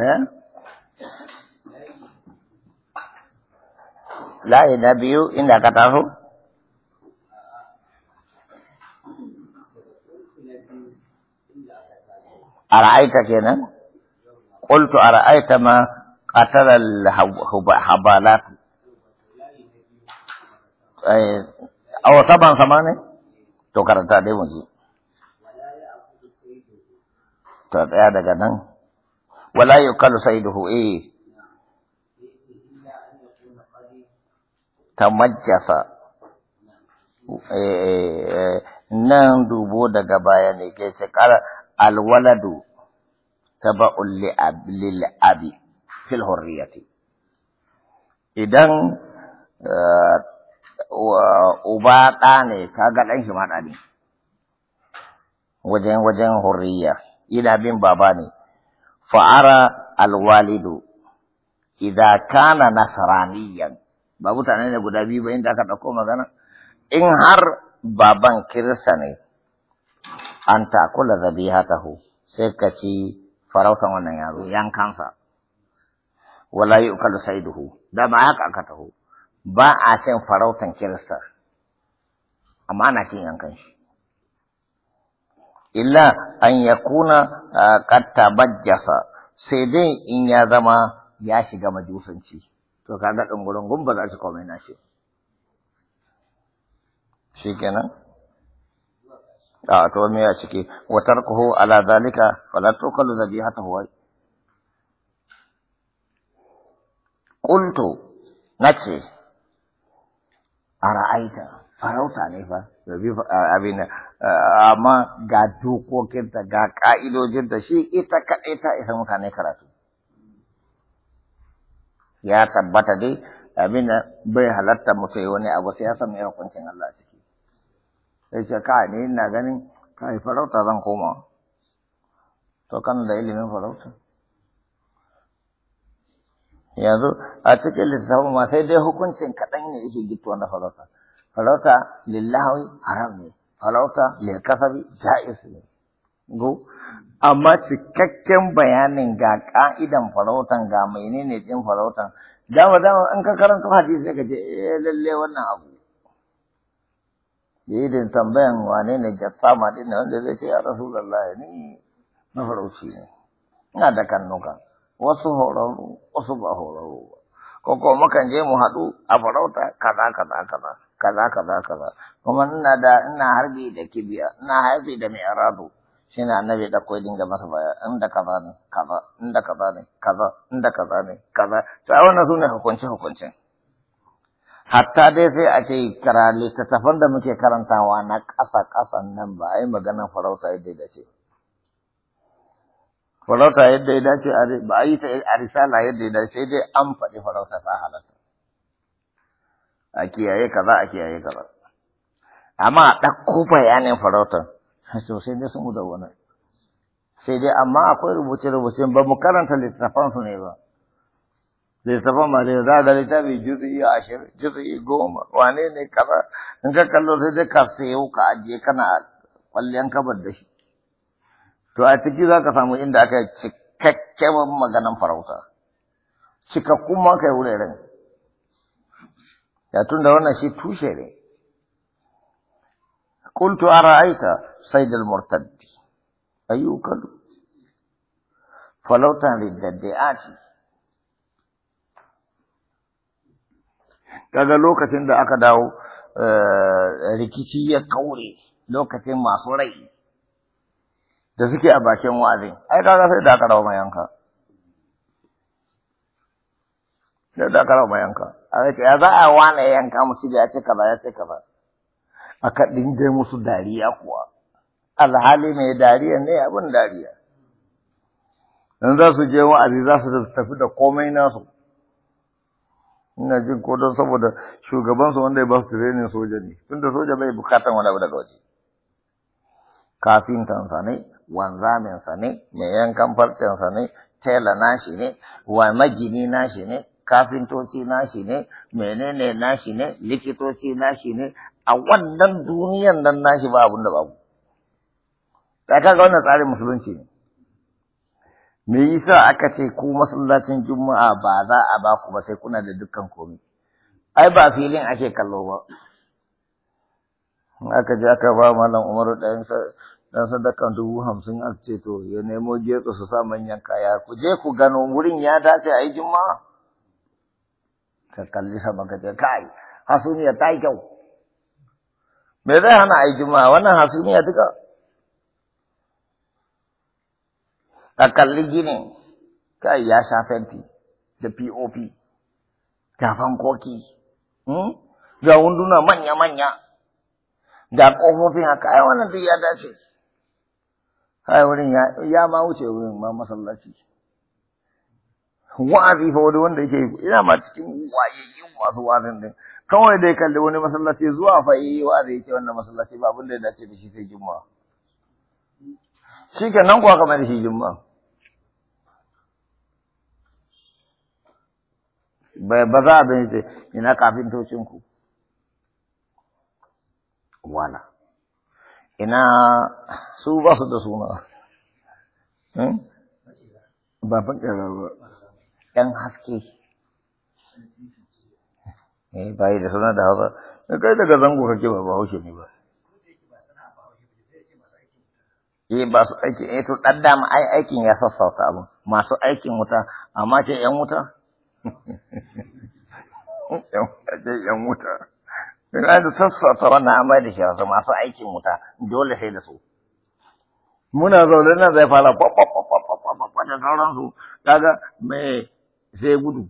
Eh? layi na biyu inda ka taso a ra'aita kenan qultu a ra'aita ma qatala al-habalat eh, aw sama samane to karanta dai mu ji to tsaya daga nan wala yuqalu sayduhu eh tamajjasa nan dubo daga baya ne ke ce kar alwaladu taba'un lil fil hurriyati idan uba ɗa ne ga ɗan shi ma ɗa ne wajen wajen hurriya ina bin baba ne fa'ara alwalidu idan kana nasaraniyan, ba mutane ne guda biyu ba inda aka ɗauko magana in har baban kirista ne an takula zabihatahu sai ka ci farautan wannan yaro yankansa wala yu'kalu saiduhu da ba haka aka taho ba a cin farautan kirista amma ana cin yankan shi illa an ya kuna ƙatta bajjasa sai dai in ya zama ya shiga majusanci to ka kaga ɗungurungun ba za su komai na shi shi kenan a to me ya ciki watar tarkuhu ala zalika fala tukalu zabihata huwa qultu nace ara'aita farauta ne fa rabi abin amma ga dokokinta ga ka'idojinta shi ita kaɗai ta isa mutane karatu ya tabbata dai abin bai halatta mutai wani abu sai ya san mai hukuncin Allah ciki sai ce ka ne ina ganin kai farauta zan koma to kana da ilimin farauta yanzu a cikin lissafin ma sai dai hukuncin kaɗan ne yake gittuwa na farauta farauta lillahi haram ne farauta lilkasabi jais ne go amma cikakken bayanin ga ka'idan farautan ga menene din farautan dama dama in ka karanta hadisi ka ce eh lalle wannan abu yayi din tambayan wane ne jassama din wanda zai ce ya rasulullah ni farauci ne ina da kannuka wasu horarru wasu ba horarru ba ko kuma mukan je mu haɗu a farauta kaza kaza kaza kaza kaza kaza kuma ina da ina harbi da kibiya ina harbi da mai arado shi na annabi da koyi dinga masa baya inda kaza ne kaza inda kaza ne kaza inda kaza ne kaza to a wannan sune hukunce hukuncen hatta dai sai a ce kara littattafan da muke karantawa na ƙasa ƙasan nan ba a yi maganar farauta yadda da ce farauta yadda ya dace ba a yi ta a risala yadda ya dace sai dai an faɗi farauta ta halatta a kiyaye kaza a kiyaye kaza amma a ɗauko bayanin farautar sosai dai sun da wani sai dai amma akwai rubuce-rubuce ba mu karanta littafan su ne ba littafan ba ne za da littafi juzu'i ashirin juzu'i goma wane ne kaza in ka kallo sai dai ka sayo ka ajiye kana kwallon kabar da shi to a ciki za ka samu inda aka cikakken maganan farauta cikakkun ma yi wuraren ya tunda wannan shi tushe ne sai da sayd Ayyukan. Falautan ayyukalu a ce kaga lokacin da aka dawo eh, rikici ya kaure lokacin masu rai da suke a bakin wa'azin ai kaga sai da aka dawo mayanka da da kara ma yanka a ce ya za a wane yanka musu da ya ce kaza ya ce kaza aka dinga musu dariya kuwa alhali mai dariya ne abin dariya Dan za su je wa'azi za su tafi da komai nasu ina jin ko don saboda shugabansu wanda ya ba su training soja ne tunda soja bai bukatan wani abu daga waje kafintansa ne wanzaminsa ne mai yankan farcensa ne tela nashi ne wa magini nashi ne kafintoci nashi ne menene nashi ne likitoci nashi ne a wannan duniyan nan nashi ba abun da babu ta kaga wannan tsarin musulunci ne me yasa aka ce ku masallacin juma'a ba za a ba ku ba sai kuna da dukkan komai ai ba filin ake kallo ba aka je aka ba malam umaru ɗayan dan sadakan dubu hamsin a ce to ya nemo getsa su sa manyan kaya ku je ku gano wurin ya dace a yi juma'a ka kalli sama ka ce kai hasumiya ta yi kyau me zai hana a yi juma'a wannan hasumiya duka a kalli ginin kai ya sha fenti da pop tafan fankoki, hmm? ga hunduna manya-manya ga ƙofofin haka ai wannan duk ya dace ai wurin ya ma wuce wurin ma masallaci wa'azi fa wani wanda yake ina ma cikin wayayyun masu wa'azin din kawai dai kalli wani masallaci zuwa fa yi wa'azi yake wannan masallaci ba abin da ya dace da shi sai juma'a shi kenan kuwa kamar da shi juma'a ba za a bin ina kafin tocin ku wala ina su ba su da suna hmm? ba fakira ba yang haske eh bai da suna da hausa kai daga zango kake ba bahaushe ne ba eh ba su aiki eh to dan ai aikin ya sassauta abin masu aikin wuta amma ce yan wuta yan wuta Ina da sassauta wannan amma da shi wasu masu aikin wuta dole sai da su. Muna zaune nan zai fara da sauransu, kaga mai sai gudu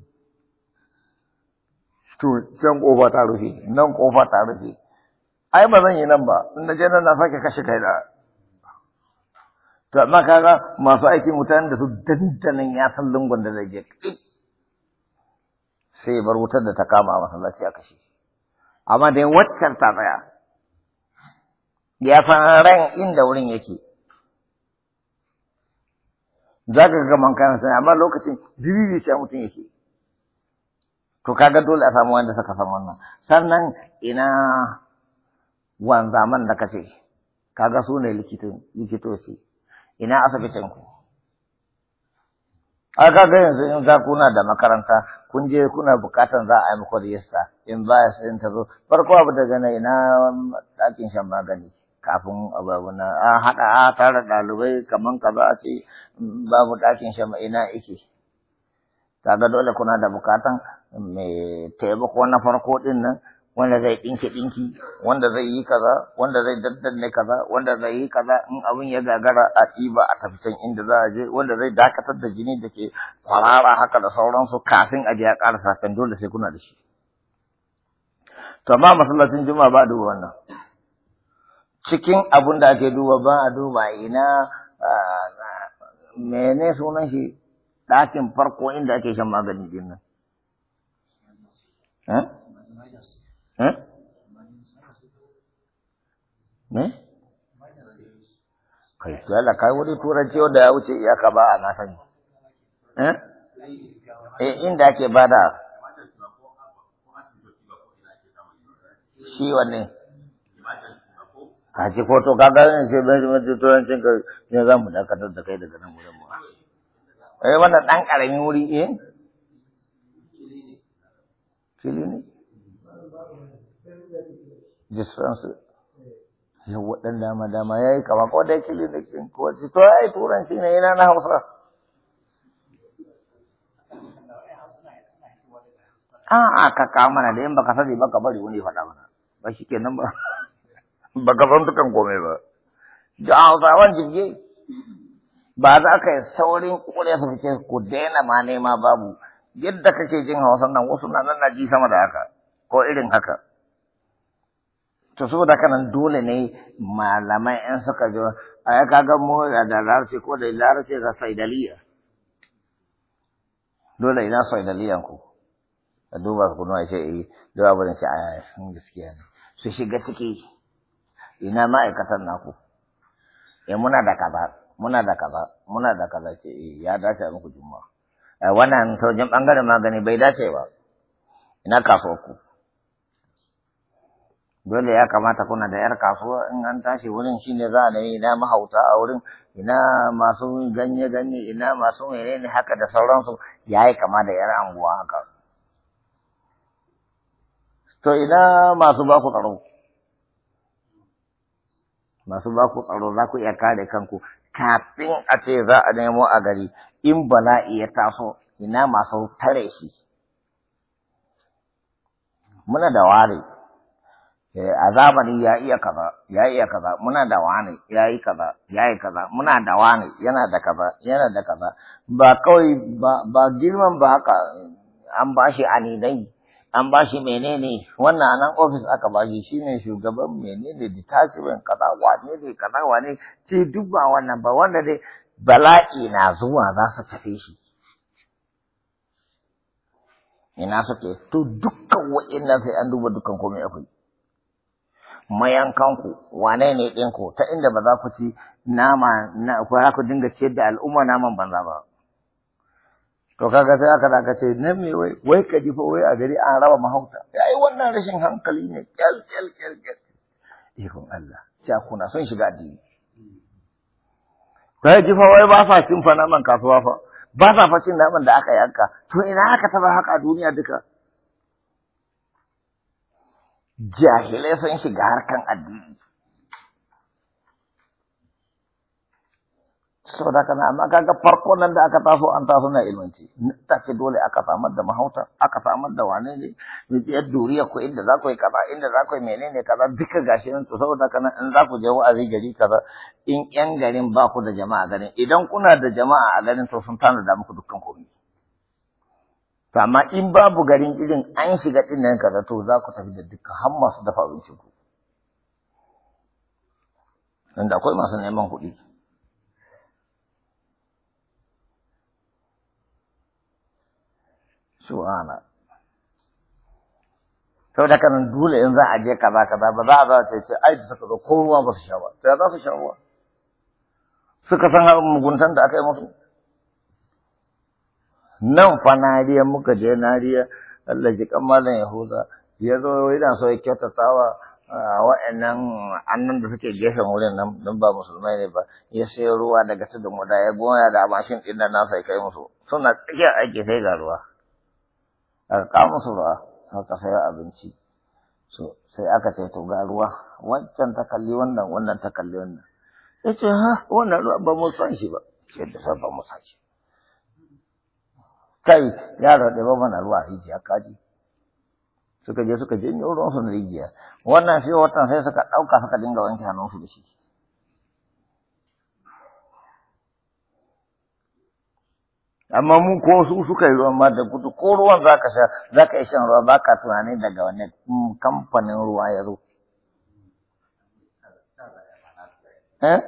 to can kofa ta rufe nan kofa ta rufe ai ba zan yi nan ba in na je nan na sake kashe kai da to amma kaga masu aikin mutanen da su dandanan ya san lungun da zai je sai bar wutar da ta kama a masallaci a kashe amma dai waccan ta tsaya ya san ran inda wurin yake za ka ga man kayan sani amma lokacin bibibi sai mutum yake to kaga dole a samu wanda suka samu wannan sannan ina wanzaman da kace kaga su ne likitoci ina asibitin ku a kaga yanzu in za kuna da makaranta kun je kuna bukatan za a yi muku rijista in ba ya in ta zo farko abu daga na ina ɗakin shan magani kafin babu na a haɗa a tara ɗalibai kaman kaza a ce babu ɗakin shama ina ike kaga dole kuna da bukatan mai taimako na farko ɗin nan wanda zai ɗinki ɗinki wanda zai yi kaza wanda zai daddanne kaza wanda zai yi kaza in abin ya gagara a ɗiba a tafitan inda za a je wanda zai dakatar da jini da ke kwarara haka da sauransu kafin a je a ƙarasa dole sai kuna da shi to amma masallacin juma'a ba duba wannan cikin abun da ake duba ba a duba ina mene sunan shi ɗakin farko inda ake shan magani din nan. Ne? Eh? Eh? Kai, yalla kai wani turanci wanda ya wuce iyaka ba a nasani. E eh? inda ake bada shi wanne. ka ci ko to kaga ne ce ban shi turancin ka ne za mu dakatar da kai daga nan gurin mu eh wanda dan karami wuri eh kili ne distance yawa dan dama dama yayi kama ko dai kili ne kin ko ci to ai turanci ne yana na Hausa a'a ka kama na da in baka sani ba ka bari wani faɗa mana ba shi nan ba ba gaban san dukan komai ba da hausawan jirgi ba za ka yi saurin kure su fice ku daina ma nema babu yadda kake jin hausan nan wasu na ji sama da haka ko irin haka to saboda da kanan dole ne malamai in suka ji a ya kaga mu da larabci ko da larabci ga saidaliya dole ina saidaliyan ku a duba ku nuna ce eh dole abin shi sun gaskiya ne su shiga ciki ina ma'aikatan naku eh muna da kaza muna da kaza muna da kaza ce eh, ya dace muku juma'a eh, wannan ta wajen bangare magani bai dace ba ina kasuwa ku dole ya kamata kuna da yar kasuwa in an tashi wurin shine za a nemi ina mahauta a wurin ina masu ganye ganye ina masu menene haka da sauransu ya yi kama da yar anguwa haka to ina masu ba ku tsaro masu ba ku tsaro za ku iya kare kanku kafin a ce za a nemo a gari in bala'i ya taso ina masu tare shi muna da ware eh, a zamani ya iya kaza ya iya kaza muna da wane ya yi kaza ya yi kaza muna da wane yana da kaza yana da kaza ba kawai ba girman ba haka an ba shi anidai an ba shi menene wannan a nan ofis aka ba shi shine shugaban menene detachment kaza wane ne kaza wane ce duk ba wannan ba wanda dai bala'i na zuwa za su tafi shi ina suke to dukkan wa'innan sai an duba dukkan komai akwai mayankanku wane ne ɗinku ta inda ba za ku ci nama na ku dinga ciyar da al'umma naman banza ba To kaga sai aka daga ce nan me wai wai ka ji fa wai a gari an raba mahauta. Ai wannan rashin hankali ne kyal kyal kyal kyal. Ikon Allah. Sai kuna son shiga addini. Kai ji fa wai ba sa cin naman kasuwa fa. Ba sa fa naman da aka yanka. To ina aka taba haka a duniya duka? Jahilai sun shiga harkan addini. saboda kana amma kaga farko nan da aka taso an taso na ilmanci take dole aka samar da mahauta aka samar da wane ne biyar duriya ko inda za ku yi kaza inda za ku yi menene kaza duka gashi nan to saboda kana in za ku je wa'azi gari kaza in yan garin ba ku da jama'a garin idan kuna da jama'a a garin to sun tana da muku dukkan komai amma in babu garin irin an shiga din nan kaza to za ku tafi da dukkan har masu dafa abincin ku. da akwai masu neman kuɗi. Subhana. sau da kanan dole in za a je kaza kaza ba za a za ta ce ai da suka zo ko ruwa ba su sha ba sai za su sha ruwa suka san har muguntan da aka yi musu nan fa nariya muka je nariya Allah ji kan malam Yahuda ya zo yana so ya kyautatawa wa'annan annan da suke gefen wurin nan don ba musulmai ne ba ya sayo ruwa daga tudun wada ya goya da mashin ɗin nan nasa ya kai musu suna tsakiyar aiki sai ga ruwa aka kawo musu ruwa suka sayo abinci so sai aka ce to ga ruwa wancan ta kalli wannan wannan ta kalli wannan ya ce ha wannan ruwa ba mu san shi ba ce da ba mu san shi kai yaro da ba mana ruwa ya kaji suka je suka janyo ruwan su na wannan shi watan sai suka ɗauka suka dinga wanke su da shi amma mu ko su suka yi ruwan ma da gudu ko ruwan za ka sha za ka yi shan ruwa ba ka tunani daga wani kamfanin ruwa ya zo. Eh?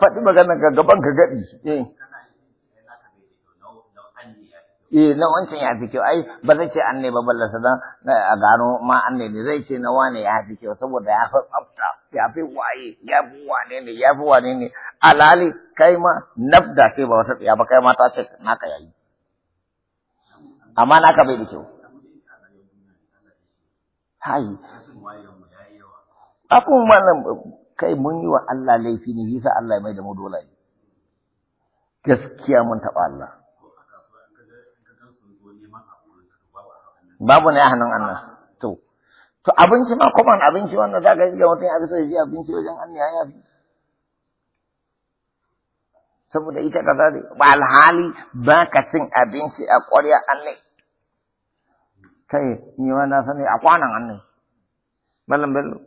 Faɗi magana ga gaban ka gaɗi. Eh. eh, na wancan ya fi kyau, ai, ba zai ce an ne ba ballasa don eh, a gano ma an ne ne zai ce na wane ya fi kyau saboda ya fi tsafta. ya fi waye ya fi wane ne ya fi wane ne alali kai ma nafda ce ba wata tsiya ba kai ma ta ce naka yayi amma naka bai da kyau hai akun wannan kai mun yi wa Allah laifi ne yasa Allah ya mai da mu dole gaskiya mun taɓa Allah babu ne a hannun Allah to abinci ma kuma abinci wannan za ka yi ga mutum ya fi so ya abinci wajen an ya fi saboda ita ka ne ba alhali ba ka cin abinci a ƙwarya an ne kai ni ma na sani a kwanan an ne malam bello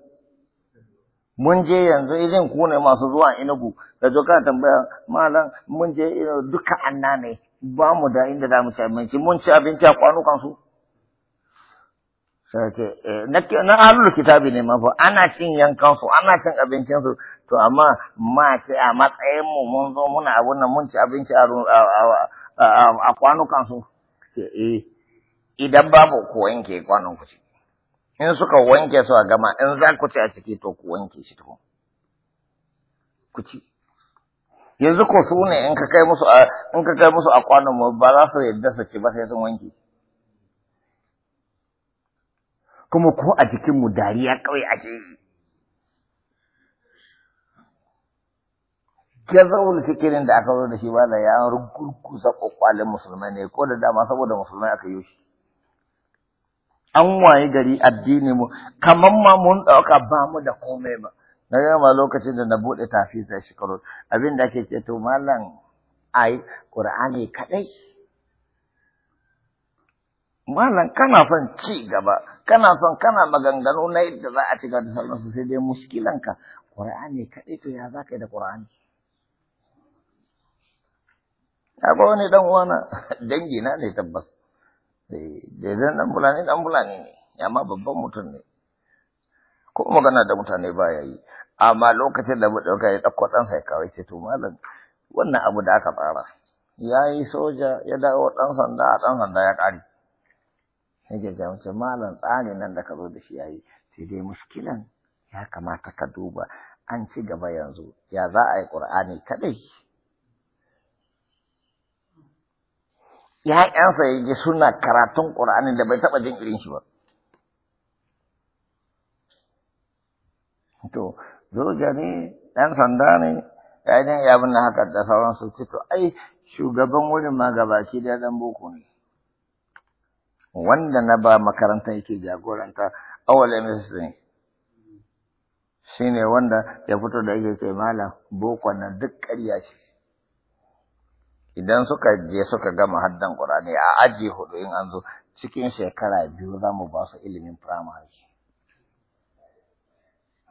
mun je yanzu izin ku ne masu zuwa inugu da zo ka tambaya malam mun je duka anna ne ba mu da inda za mu ci abinci mun ci abinci a kwanukan su sai na alul kitabi ne mafi ana cin yankansu ana cin abincinsu to amma ma ce a matsayin mu mun zo muna abun nan mun ci abinci a kwanukansu ce eh idan babu ku wanke kwanon ku in suka wanke su a gama in za ku ci a ciki to ku wanke shi tukun ku ci yanzu ku su ne in ka kai musu a kwanon mu ba za su yadda su ci ba sai sun wanke kuma ko a jikinmu dariya kawai ake yi. Jazawul fikirin da aka zo da shi ba da ya rugurguza kwakwalin musulmai ne ko da dama saboda musulmai aka yi shi. An waye gari addini mu kamar ma mun ɗauka ba mu da komai ba. Na gama lokacin da na buɗe tafisa shekaru abin da ake ce to malam ai ƙur'ani kaɗai. malam kana son ci gaba kana son kana maganganu na yadda za a ci gaba da sauransu sai dai muskilanka ƙur'ani kaɗai to ya za ka yi da ƙur'ani akwai wani dan uwana dangi na ne tabbas eh, da idan dan bulani dan bulani ne amma babban mutum ne ko magana da mutane ba ya yi amma lokacin da mu ɗauka ya ɗauko ɗansa ya kawai ce to malam wannan abu da aka tsara ya yi soja ya dawo ɗan sanda a ɗan sanda ya ƙare yake ja mace malam tsari nan da ka zo da shi yayi sai dai muskilan ya kamata ka duba an ci gaba yanzu ya za a yi ƙur'ani kaɗai ‘ya'yansa ya ji suna karatun ƙur'ani da bai taɓa jin irin shi ba to zoja ne ɗan sanda ne ya yi abin na haka da sauransu ce to ai shugaban wurin ma baki da ɗan boko ne wanda na ba makarantar yake jagoranta awal ms ne shine wanda ya fito da yake ce malam boko na duk ƙarya ce idan suka je suka gama haddan qur'ani a aji hudu in an zo cikin shekara biyu za mu ba su ilimin firamare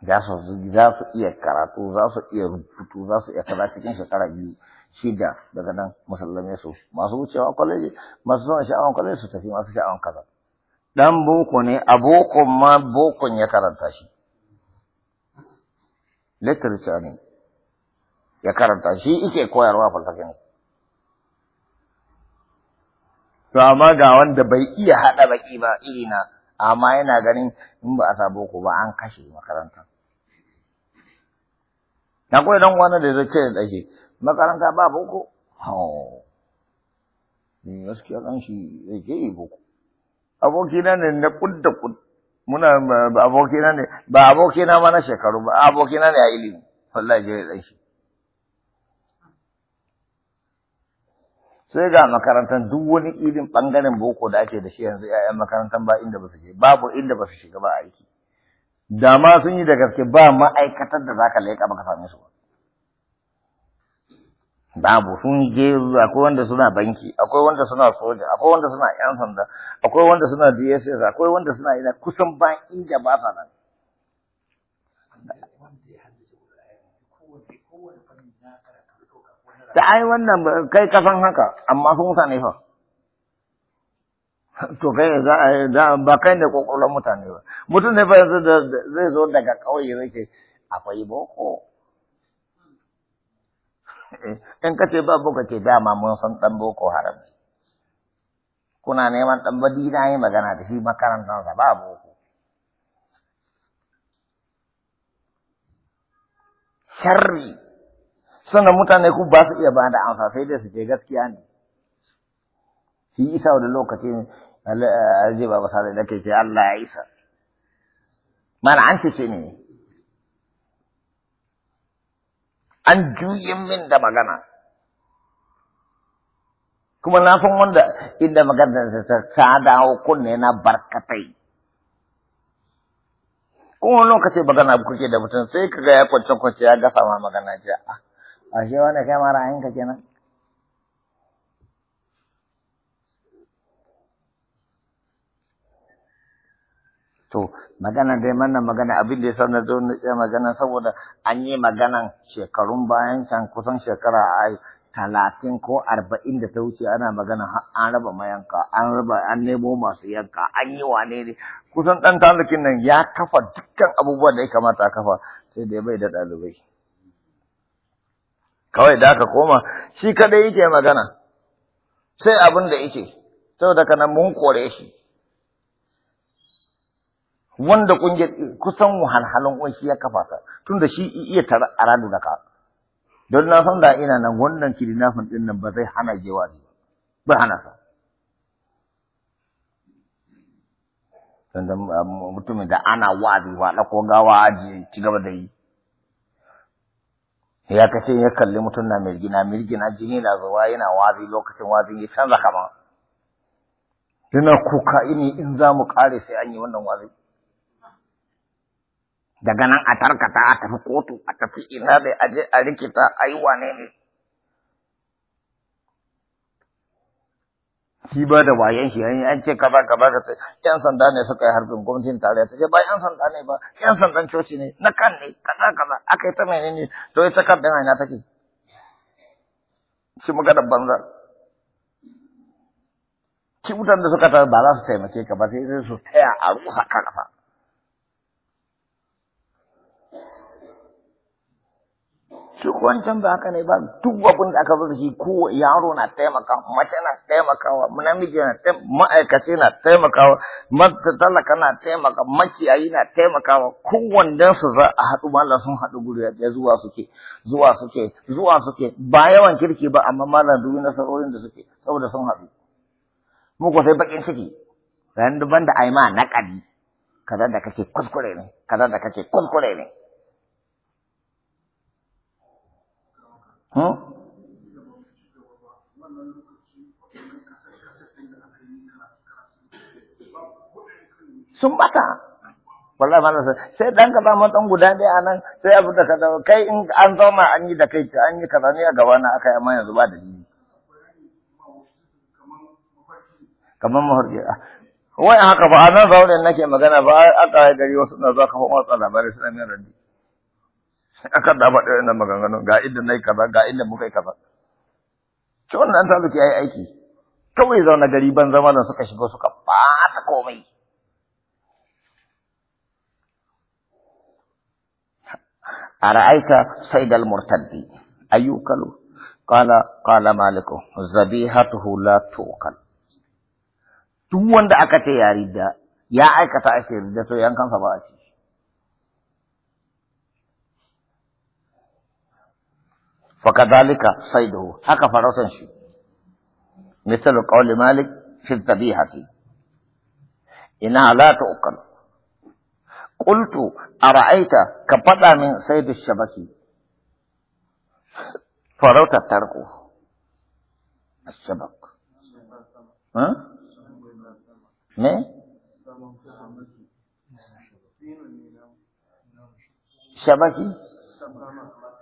za su iya karatu za su iya rubutu za su iya kaza cikin shekara biyu shida daga nan musallame su masu wucewa kwaleji masu zuwa sha'awan kwaleji su tafi masu sha'awan kaza dan boko ne a boko ma bokon ya karanta shi literature ne ya karanta shi ike koyarwa falsafa to amma ga wanda bai iya haɗa baki ba iri na amma yana ganin in ba a sa boko ba an kashe makaranta. na koyi dan wani da zai ce da ɗake makaranta ba boko hau ne gaskiya kan shi yake ke yi boko abokina ne na kud da kud muna ba abokina ne ba abokina ma na shekaru ba abokina ne a ilimi wallahi je dan shi sai ga makarantar duk wani irin bangaren boko da ake da shi yanzu ƴaƴan makarantar ba inda ba su je babu inda ba su shiga ba aiki da ma sun yi da gaske ba ma'aikatar da zaka leƙa maka same su ba babu sun je akwai wanda suna banki akwai wanda suna soja akwai wanda suna yan sanda akwai wanda suna DSS akwai wanda suna ina kusan ba inda ba sa nan da ai wannan kai kasan haka amma sun mutane fa to kai za a ba kai ne kokolon mutane ba mutum ne fa yanzu zai zo daga kauye zai ce akwai boko Eh, in ka ce ba boko ce dama mun san dan boko haram kuna neman dan badina yi magana da shi sa ba boko sharri sannan mutane ku ba su iya ba da amsa sai dai su je gaskiya ne shi isa da lokacin aljiba eh, ba sa da ke Allah ya isa mana an ce ne an juyin min da magana kuma na san wanda inda magana ta ta dawo kunne na barkatai wani lokacin magana abu kuke da mutum sai kaga ya kwance kwance ya gasa ma magana ce a shi wanda kai mara ka kenan To, magana dai mana magana abin da ya sanar da wani tsaye magana saboda an yi maganan shekarun bayan can kusan shekara a talatin ko arba'in da ta wuce ana magana an raba mayanka, an raba an nemo masu yanka, an yi wane ne. Kusan ɗan talakin nan ya kafa dukkan abubuwan da ya kamata a kafa sai da dai bai da ɗalibai. Kawai da aka koma shi kadai yake magana sai abin da yake saboda kana mun kore shi. wanda kungiyar kusan wahalhalun kunshi ya kafa ta tunda shi iya tara aradu da ka don na san da ina nan wannan kidnapping din nan ba zai hana jewa ba ba hana sa da um, mutumin da ana wadi wa ko gawa aji ci gaba da yi ya kace ya kalli mutum na mirgina mirgina jini na zuwa yana wazi lokacin wazi ya canza kama Ina kuka ini in za mu kare sai an yi wannan wazi daga nan a tarkata a tafi kotu a tafi ina da aje a rikita a yi wane ne shi ba da wayan shi an ce ka ba ka ce yan sanda ne suka yi harbin gwamnatin tarayya ta ce ba yan sanda ne ba yan sandan coci ne na kan ne kaza kaza aka yi ta menene to ita kan din aina take shi magana banza ki mutanen da suka tarar ba za su taimake ka ba sai su taya a ruha ka kafa shi wancan ba haka ne ba duk abin da aka zo da shi ko yaro na taimaka mace na taimakawa namiji na taimaka, ma'aikaci na taimakawa mata talaka na taimaka makiyayi na taimakawa kowannen su za a haɗu mallam sun haɗu guri ya zuwa suke zuwa suke zuwa suke ba yawan kirki ba amma na dubi nasarorin da suke saboda sun haɗu muku sai bakin ciki ran da banda aima na kadi kaza da kake kuskure ne kaza da kake kuskure ne sun bata wallahi malam sai dan ka samu dan guda dai a nan sai abu da ka kai in an zauna an yi da kai an yi kaza ne a gaba na aka yi amma yanzu ba da ni kamar harje. Ah. wai haka ba a nan zaune nake magana ba aka gari wasu na zaka fa watsa labarai suna mai rani aka da faɗi wannan maganganun ga inda nayi kaza ga inda muka yi kaza to wannan ta zuke yayi aiki kawai zauna gari ban zama da suka shigo suka bata komai ara'aita saidal murtaddi ayyukalu qala qala maliku zabihatuhu la tuqal duk wanda aka ce ya rida ya aikata ake rida to yankan sa ba shi فكذلك صيده هكا فرسن شي مثل قول مالك في الذبيحة إنها لا تؤكل قلت أرأيت كبدا من صيد الشبك فروت تركه الشبك ها؟ ما؟ شبكي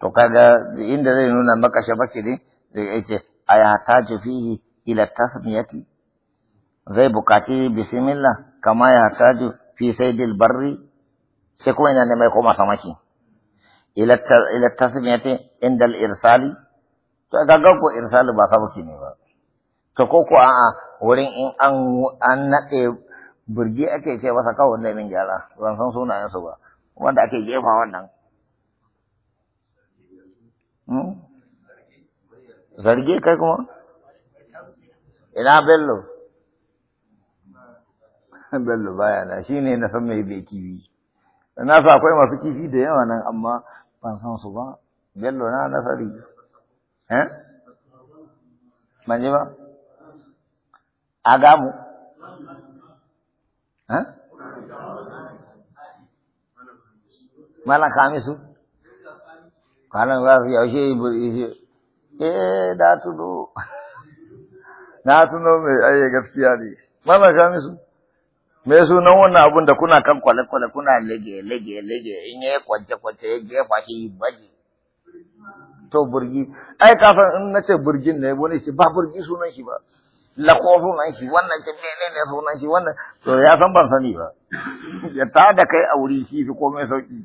to kaga inda zai nuna maka shabaki ne zai ya ayata fihi ila tasmiyati zai bukaci bismillah kama ya taju fi saidil barri sai kuma ina ne mai koma samaki ila tasmiyati inda al irsali to kaga ko irsali ba sabaki ne ba to ko ko a'a wurin in an an nade burgi ake ce masa kawai wannan gyara ban san sunayen su ba wanda ake jefa wannan zarge kai kuma ina bello bello baya na shi ne na san mai bai kifi na sa akwai masu kifi da yawa nan amma ban san su ba bello na nasari eh ban ji ba a gamu eh malam kamisu kwanan za su yaushe eh na tuno na tuno mai aye gaskiya ne ga musu me nan wannan abun da kuna kan kwale kwale kuna lege lege lege in yayi kwance kwance ya jefa shi baji to burgi ai ka san in nace burgin ne wani shi ba burgi sunan shi ba lako nan shi wannan ne ne sunan shi wannan to ya san ban sani ba ya ta da kai a wuri shi fi komai sauki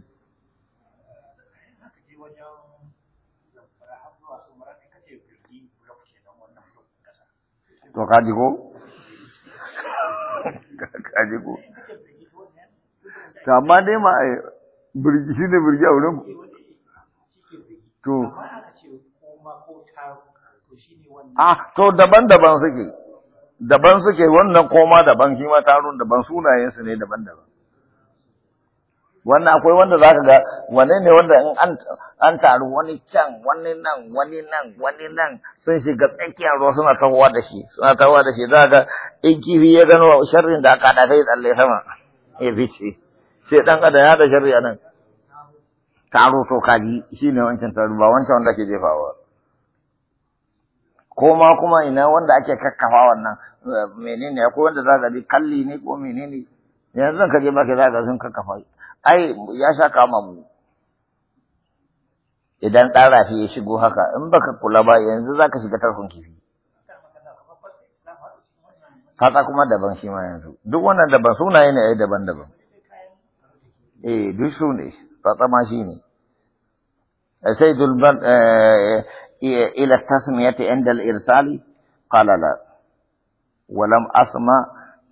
to ka ji ko ka ji ko to amma dai ma eh, birgi shi ne birgi a wurin to a ah, to daban-daban suke daban suke wannan koma daban shi ma tarun daban sunayensu ne daban-daban wannan akwai wanda zaka ga wane ne wanda in an an taru wani can wani nan wani nan wani nan sun shiga tsakiyar ruwa suna tawowa da shi suna tawowa da shi za ka ga in kifi ya gano sharrin da aka da sai tsalle sama ya fice sai dan adam ya da sharri anan taro to kaji shi ne wancan taro ba wancan wanda ke jefawa ko ma kuma ina wanda ake kakkafa wannan eh, menene akwai wanda zaka ji kalli ne ko menene yanzu zan kaje ba ka zaka sun kakkafa ai ya sha kama mu idan ɗan ya shigo haka in baka kula ba yanzu za ka shiga tarkon kifi kasa kuma daban shi ma yanzu duk wannan daban sunaye ne ai daban-daban eh duk su ne fatsa ma shi ne eh, sai dulban eh, eh, ila tasmiyati inda al-irsali qala la wa walam asma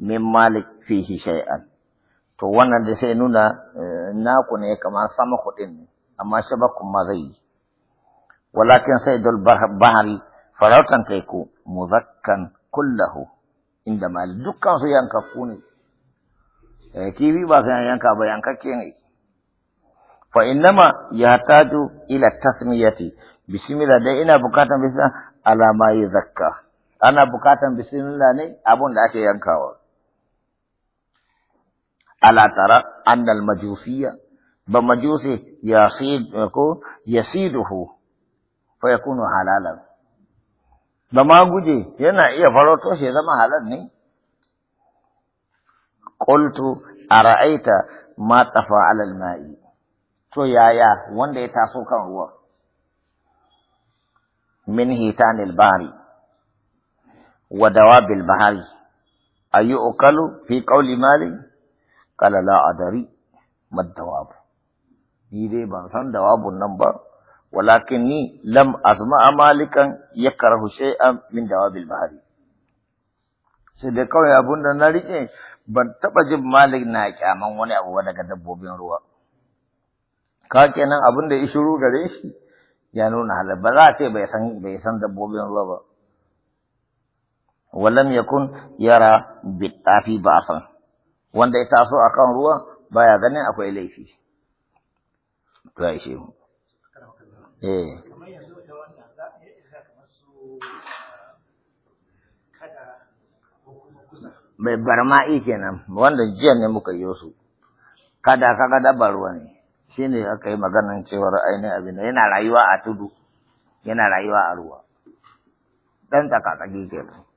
min malik fihi shay'an to wannan da sai nuna eh, naku ne kama sama kuɗin ne amma shabakun ma zai yi walakin sai dul bahari farautan teku muzakkan kullahu inda mali dukkan su ku ne eh, kifi ba sai yanka ba ke ne fa innama taju ila tasmiyati bismillah dai ina bukatan bismillah ala ma zakka ana bukatan bismillah ne abun da ake yankawa الا ترى ان المجوسيه بمجوسي يصيد يكون يصيده فيكون حلالا بما جوجي ينا يا فلوتو شي زما حلال ني قلت ارايت ما طفى على الماء تو يا يا وندا يتاسو كان هو من هيتان البحر ودواب البحر ايؤكل في قول مالك قال لا ادري ما الدواب دیدے بانسان دواب النمبر ولكنني لم ازمع مالكا يكره شيئا من دواب البحري سي دیکھو يا ابو النادي جي بن تبج مالك نا كيا من وني ابو داك دبوبين روا كا كان نعم ابن دي يعني شروع غري شي يا نون هل بلا سي بي سن بي سن دبوبين روا ولم يكن يرى بالطافي باصن wanda ya taso a kan ruwa baya ganin akwai laifi to ya ishe mu eh Mai barma'i kenan wanda jiya ne muka yi su kada ga daba ruwa ne ne aka yi maganar cewa ainihin abin yana rayuwa a tudu yana rayuwa a ruwa dan tsakatsaki kenan